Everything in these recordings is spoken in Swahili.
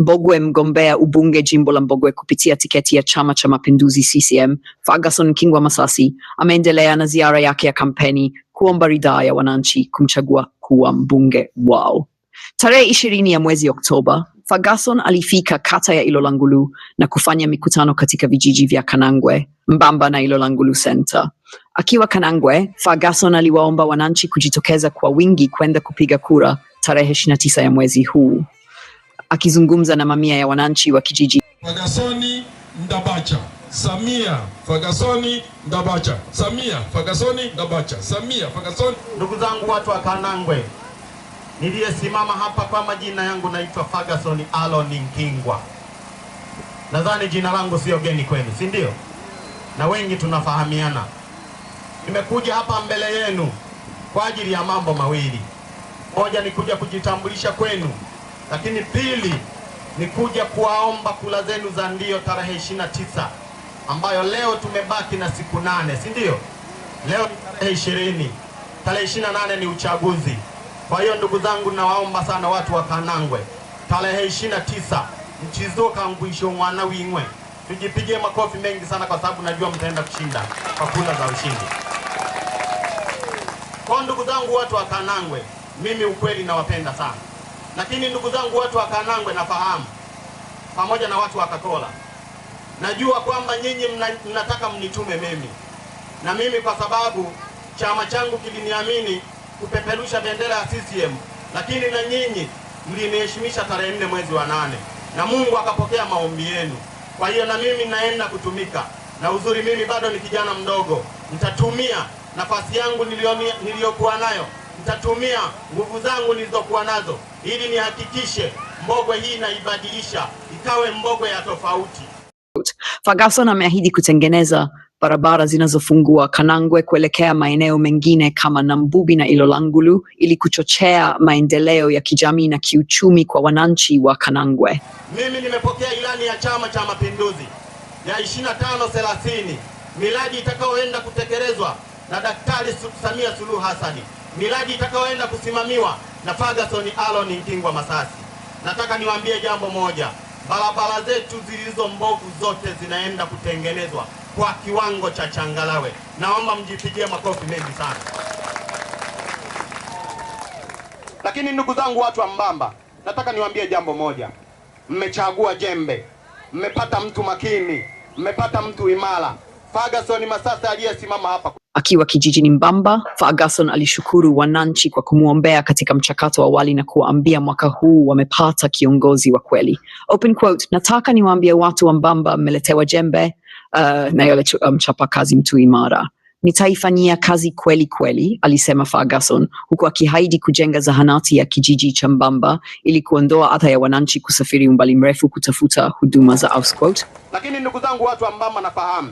Mbogwe mgombea ubunge jimbo la Mbogwe kupitia tiketi ya Chama cha Mapinduzi CCM, Fagason Kingwa Masasi ameendelea na ziara yake ya kampeni kuomba ridhaa ya wananchi kumchagua kuwa mbunge wao. Tarehe ishirini ya mwezi Oktoba, Fagason alifika kata ya Ilolangulu na kufanya mikutano katika vijiji vya Kanangwe, Mbamba na Ilolangulu Center. Akiwa Kanangwe, Fagason aliwaomba wananchi kujitokeza kwa wingi kwenda kupiga kura tarehe 29 ya mwezi huu. Akizungumza na mamia ya wananchi wa kijiji Fagasoni Ndabacha, Samia Fagasoni Ndabacha, Samia Fagasoni Ndabacha, Samia Fagasoni. Ndugu zangu watu wa Kanangwe, niliyesimama hapa kwa majina yangu naitwa Fagasoni Alon Nkingwa. Nadhani jina langu sio geni kwenu, si ndio? Na wengi tunafahamiana. Nimekuja hapa mbele yenu kwa ajili ya mambo mawili. Moja ni kuja kujitambulisha kwenu lakini pili ni kuja kuwaomba kula zenu za ndio tarehe 29 ambayo leo tumebaki na siku nane, si ndio? Leo ni tarehe ishirini, tarehe 28 ni uchaguzi. Kwa hiyo ndugu zangu, nawaomba sana watu wa Kanangwe, tarehe 29 mchizuka ngwisho mwana wing'we, tujipigie makofi mengi sana, kwa sababu najua mtaenda kushinda kwa kula za ushindi. Kwa ndugu zangu, watu wa Kanangwe, mimi ukweli nawapenda sana lakini ndugu zangu, watu wa Kanangwe nafahamu, pamoja na watu wa Katola, najua kwamba nyinyi mnataka mnitume mimi, na mimi kwa sababu chama changu kiliniamini kupeperusha bendera ya CCM, lakini na nyinyi mliniheshimisha tarehe nne mwezi wa nane na Mungu akapokea maombi yenu. Kwa hiyo na mimi naenda kutumika, na uzuri mimi bado ni kijana mdogo, nitatumia nafasi yangu niliyokuwa nayo nitatumia nguvu zangu nilizokuwa nazo ili nihakikishe Mbogwe hii inaibadilisha ikawe Mbogwe ya tofauti. Fagason ameahidi kutengeneza barabara zinazofungua Kanangwe kuelekea maeneo mengine kama Nambubi na Ilolangulu ili kuchochea maendeleo ya kijamii na kiuchumi kwa wananchi wa Kanangwe. Mimi nimepokea ilani ya Chama cha Mapinduzi ya 25 30 miradi itakayoenda kutekelezwa na Daktari Samia Suluhu hasani miradi itakayoenda kusimamiwa na Ferguson Alon Ntingwa Masasi. Nataka niwaambie jambo moja, barabara zetu zilizo mbovu zote zinaenda kutengenezwa kwa kiwango cha changalawe. Naomba mjipigie makofi mengi sana. Lakini ndugu zangu, watu wa Mbamba, nataka niwaambie jambo moja, mmechagua jembe, mmepata mtu makini, mmepata mtu imara. Ferguson Masasi aliyesimama hapa Akiwa kijijini Mbamba, Ferguson alishukuru wananchi kwa kumwombea katika mchakato wa awali na kuwaambia mwaka huu wamepata kiongozi wa kweli. Open quote, nataka niwaambie watu wa Mbamba mmeletewa jembe uh, na yule mchapa um, kazi mtu imara nitaifanyia kazi kweli kweli, alisema Ferguson, huku akihaidi kujenga zahanati ya kijiji cha Mbamba ili kuondoa adha ya wananchi kusafiri umbali mrefu kutafuta huduma za. Lakini ndugu zangu, watu wa Mbamba, nafahamu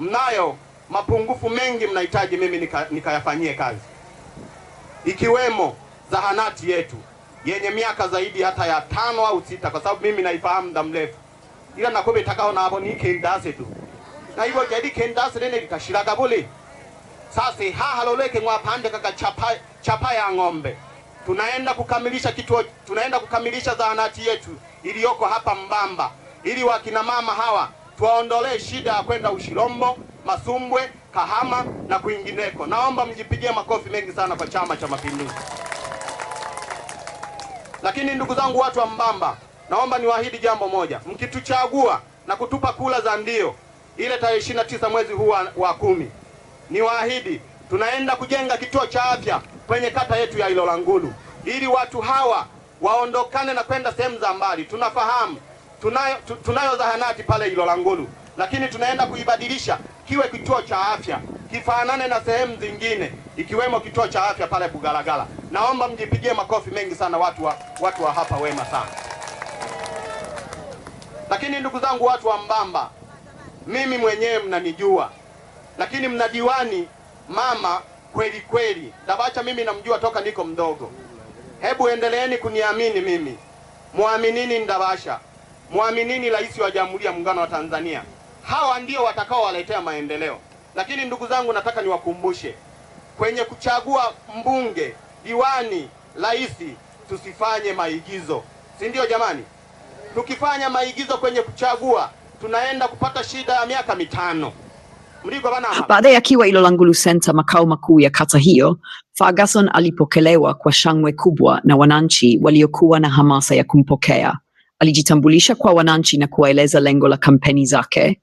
mnayo mapungufu mengi mnahitaji mimi nikayafanyie nika kazi, ikiwemo zahanati yetu yenye miaka zaidi hata ya tano au sita, kwa sababu mimi naifahamu muda mrefu, ila nakobe itakao na hapo ni kendase tu na hivyo jadi kendase nene likashiraga buli sasa ngwa pande kaka chapa, chapa ya ng'ombe tunaenda kukamilisha kituo, tunaenda kukamilisha zahanati yetu iliyoko hapa Mbamba, ili wakina mama hawa tuwaondolee shida ya kwenda Ushirombo, Kasumbwe, Kahama na kwingineko. Naomba mjipigie makofi mengi sana kwa Chama cha Mapinduzi. Lakini ndugu zangu, watu wa Mbamba, naomba niwaahidi jambo moja, mkituchagua na kutupa kula za ndio ile tarehe ishirini na tisa mwezi huu wa kumi, niwaahidi tunaenda kujenga kituo cha afya kwenye kata yetu ya Ilolangulu ili watu hawa waondokane na kwenda sehemu za mbali. Tunafahamu tunayo, tunayo zahanati pale Ilolangulu, lakini tunaenda kuibadilisha kiwe kituo cha afya kifanane na sehemu zingine ikiwemo kituo cha afya pale Bugalagala. Naomba mjipigie makofi mengi sana watu wa, watu wa hapa wema sana. Lakini ndugu zangu watu wa Mbamba, mimi mwenyewe mnanijua, lakini mna diwani mama kweli kweli. Dabacha mimi namjua toka niko mdogo. Hebu endeleeni kuniamini mimi, mwaminini Ndabasha, mwaminini rais wa Jamhuri ya Muungano wa Tanzania hawa ndio watakaowaletea maendeleo. Lakini ndugu zangu, nataka niwakumbushe kwenye kuchagua mbunge, diwani, rais, tusifanye maigizo, si ndio jamani? Tukifanya maigizo kwenye kuchagua tunaenda kupata shida ya miaka mitano. Baada ya akiwa Ilolangulu Center, makao makuu ya kata hiyo, Ferguson alipokelewa kwa shangwe kubwa na wananchi waliokuwa na hamasa ya kumpokea. Alijitambulisha kwa wananchi na kuwaeleza lengo la kampeni zake,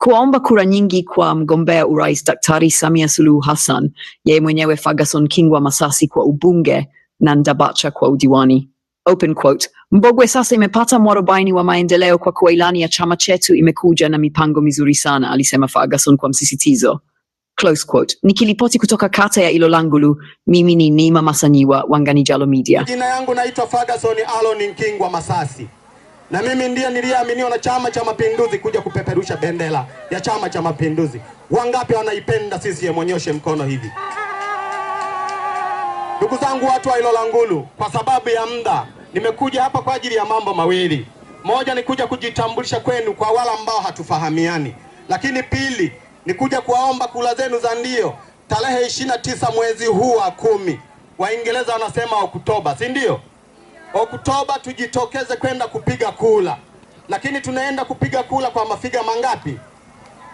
kuomba kura nyingi kwa mgombea urais Daktari Samia Suluhu Hassan, yeye mwenyewe Fagason Kingwa Masasi kwa ubunge na Ndabacha kwa udiwani. Open quote, Mbogwe sasa imepata mwarobaini wa maendeleo kwa kuwa ilani ya chama chetu imekuja na mipango mizuri sana, alisema Fagason kwa msisitizo. Close quote. Nikilipoti kutoka kata ya Ilolangulu, mimi ni Nima Masanyiwa, Wanganijalo Media. Jina yangu naitwa Fagason Alon kingwa Masasi na mimi ndiye niliyeaminiwa na Chama cha Mapinduzi kuja kupeperusha bendera ya Chama cha Mapinduzi. Wangapi wanaipenda CCM? Wanyoshe mkono hivi. Ndugu zangu watu wa Ilola Ngulu, kwa sababu ya muda nimekuja hapa kwa ajili ya mambo mawili. Moja ni kuja kujitambulisha kwenu kwa wale ambao hatufahamiani, lakini pili ni kuja kuwaomba kula zenu za ndio tarehe ishirini na tisa mwezi huu wa kumi. Waingereza wanasema Oktoba, si ndio? Oktoba tujitokeze kwenda kupiga kula, lakini tunaenda kupiga kula kwa mafiga mangapi?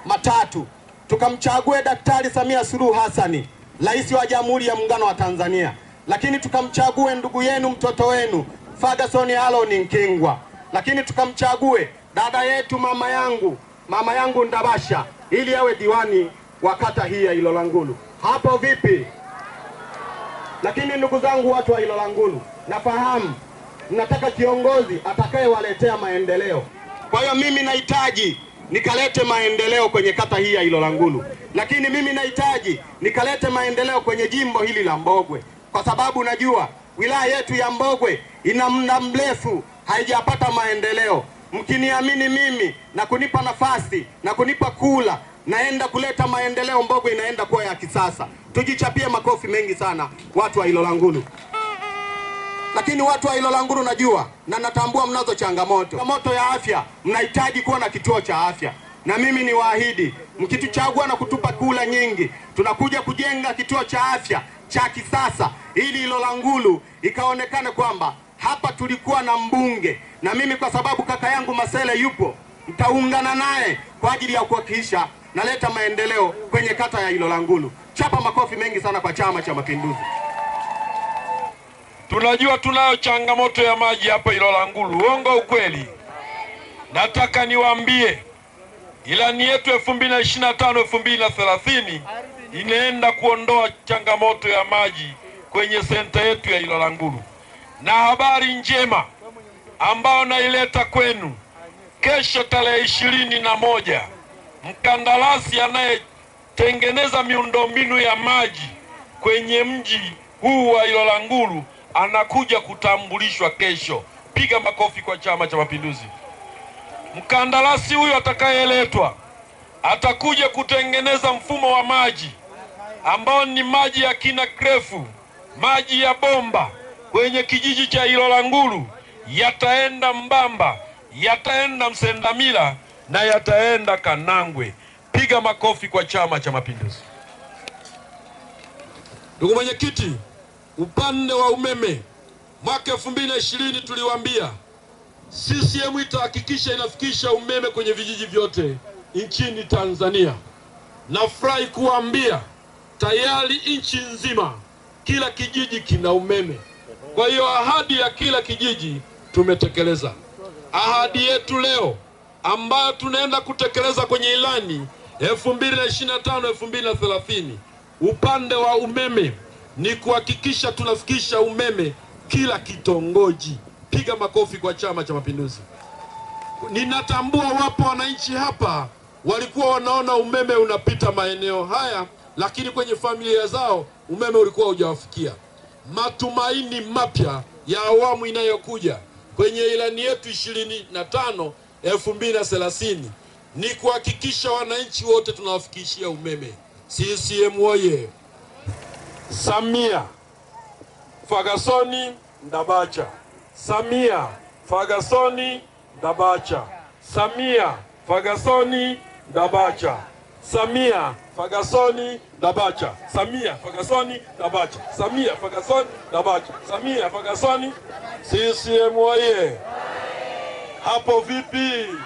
Matatu. Tukamchague Daktari Samia Suluhu Hassani, rais wa Jamhuri ya Muungano wa Tanzania, lakini tukamchague ndugu yenu mtoto wenu fagasoni Alon Nkingwa, lakini tukamchague dada yetu mama yangu mama yangu Ndabasha ili awe diwani wa kata hii ya Ilolangulu. Hapo vipi? Lakini ndugu zangu, watu wa Ilolangulu, nafahamu nataka kiongozi atakayewaletea maendeleo. Kwa hiyo mimi nahitaji nikalete maendeleo kwenye kata hii ya Ilolangulu, Ngulu, lakini mimi nahitaji nikalete maendeleo kwenye jimbo hili la Mbogwe, kwa sababu najua wilaya yetu ya Mbogwe ina muda mrefu haijapata maendeleo. Mkiniamini mimi na kunipa nafasi na kunipa kula, naenda kuleta maendeleo. Mbogwe inaenda kuwa ya kisasa. Tujichapie makofi mengi sana, watu wa Ilolangulu. Ngulu lakini watu wa Ilolanguru najua na natambua mnazo changamoto. Changamoto ya afya, mnahitaji kuwa na kituo cha afya, na mimi ni waahidi, mkituchagua na kutupa kula nyingi, tunakuja kujenga kituo cha afya cha kisasa ili ngulu ikaonekane kwamba hapa tulikuwa na mbunge, na mimi kwa sababu kaka yangu Masele yupo, mtaungana naye kwa ajili ya kuhakikisha naleta maendeleo kwenye kata ya Ilolangulu. Chapa makofi mengi sana kwa Chama cha Mapinduzi. Tunajua tunayo changamoto ya maji hapa Ilola Ngulu, uongo ukweli? Nataka niwaambie ilani yetu 2025 2030 inaenda kuondoa changamoto ya maji kwenye senta yetu ya Ilola Ngulu, na habari njema ambayo naileta kwenu, kesho tarehe ishirini na moja mkandarasi anayetengeneza miundombinu ya maji kwenye mji huu wa Ilola Ngulu anakuja kutambulishwa kesho. Piga makofi kwa Chama cha Mapinduzi. Mkandarasi huyu atakayeletwa atakuja kutengeneza mfumo wa maji ambao ni maji ya kina kirefu, maji ya bomba kwenye kijiji cha Ilola Nguru, yataenda Mbamba, yataenda Msendamila na yataenda Kanangwe. Piga makofi kwa Chama cha Mapinduzi. Ndugu mwenyekiti, Upande wa umeme, mwaka 2020 tuliwaambia CCM itahakikisha inafikisha umeme kwenye vijiji vyote nchini Tanzania. Nafurahi kuambia tayari nchi nzima kila kijiji kina umeme. Kwa hiyo ahadi ya kila kijiji tumetekeleza. Ahadi yetu leo ambayo tunaenda kutekeleza kwenye ilani 2025 2030 upande wa umeme ni kuhakikisha tunafikisha umeme kila kitongoji. Piga makofi kwa Chama cha Mapinduzi. Ninatambua wapo wananchi hapa walikuwa wanaona umeme unapita maeneo haya, lakini kwenye familia zao umeme ulikuwa hujawafikia. Matumaini mapya ya awamu inayokuja kwenye ilani yetu ishirini na tano elfu mbili na thelathini ni kuhakikisha wananchi wote tunawafikishia umeme. CCM oye! Samia Fagasoni Ndabacha, Samia Fagasoni Ndabacha, Samia Fagasoni Ndabacha, Samia Fagasoni Ndabacha, Samia Fagasoni Ndabacha, Samia Fagasoni Ndabacha, Samia Fagasoni. CCM oye! Hapo vipi?